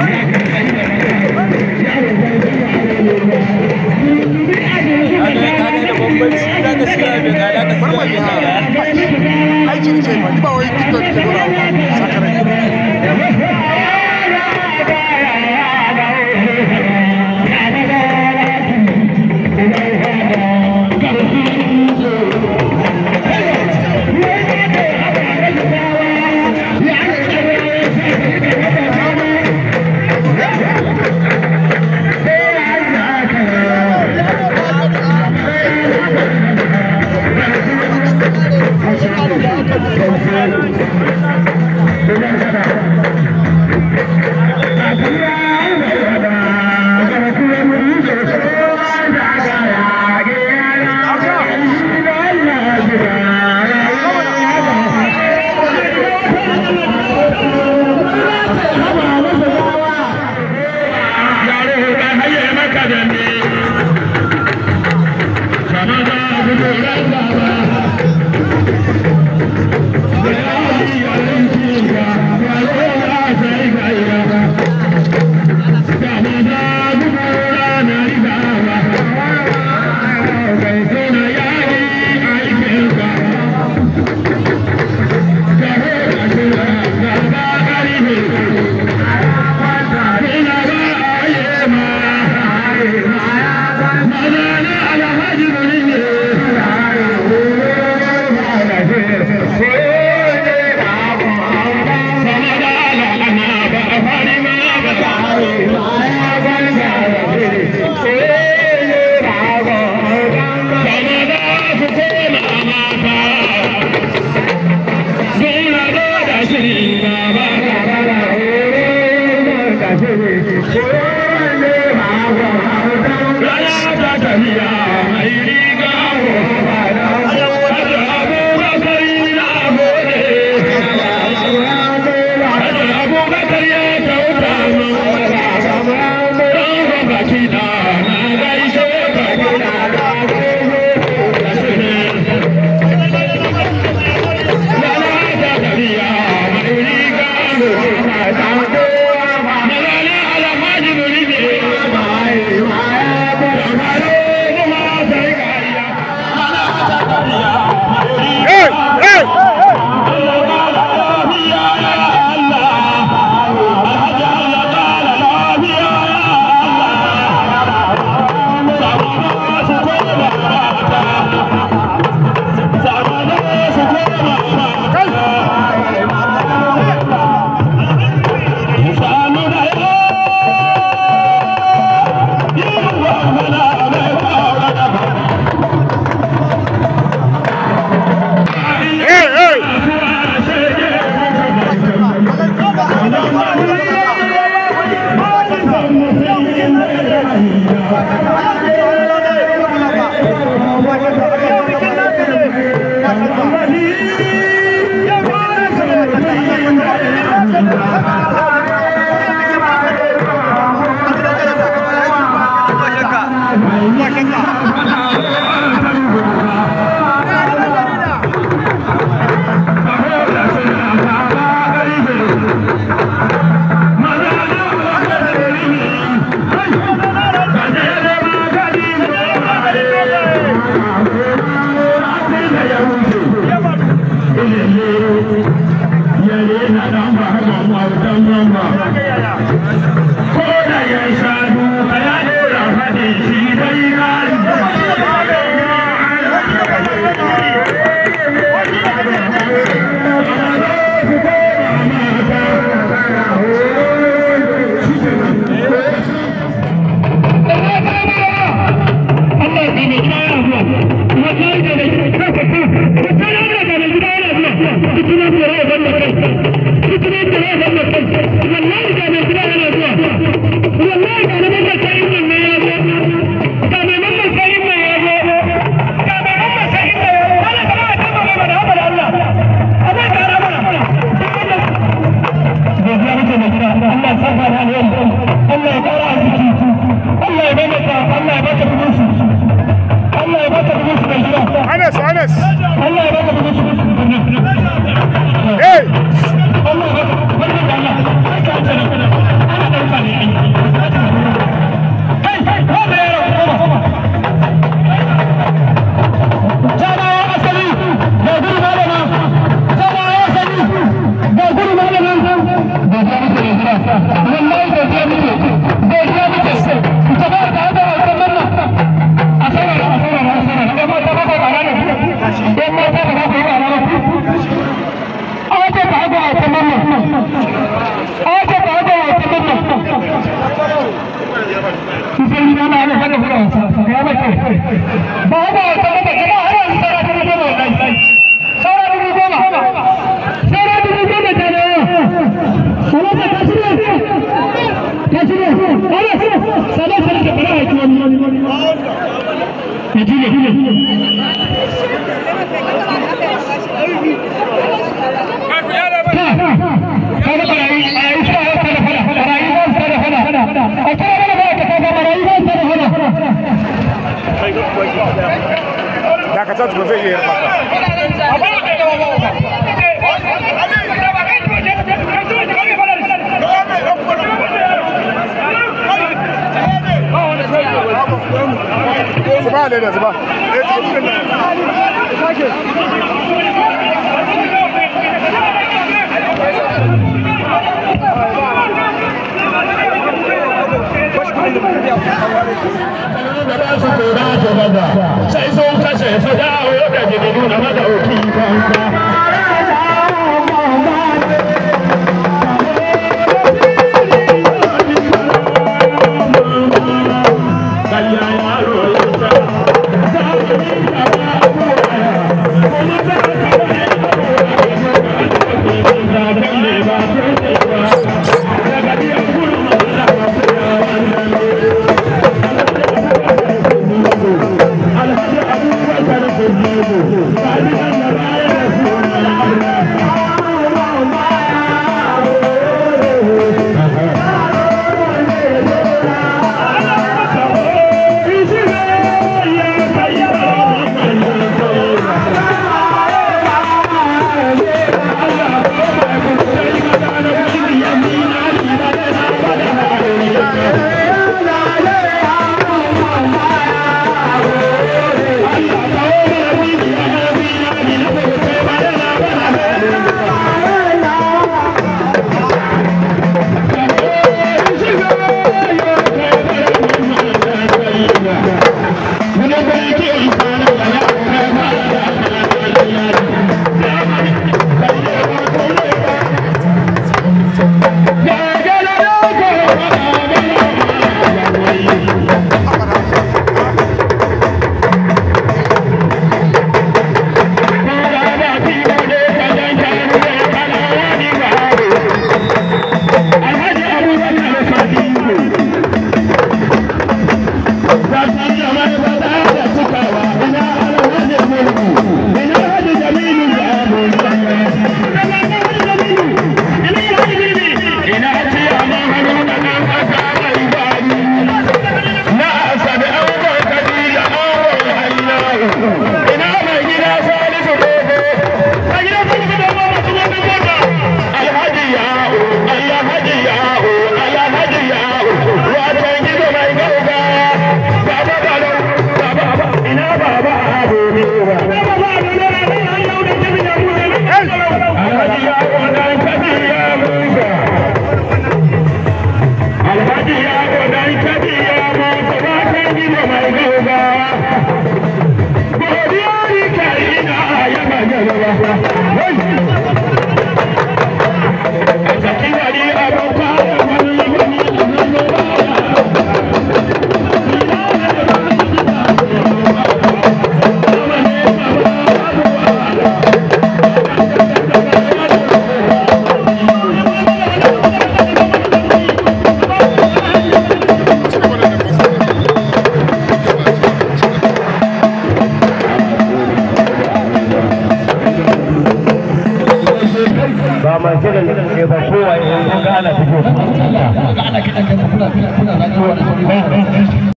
Thank you. Thank you. no. Thank you. Kadile. Dakata tukun zai yi yarfa. zuba leda zuba Sai sun kashe fada wadda ke nuna mada okin kanka.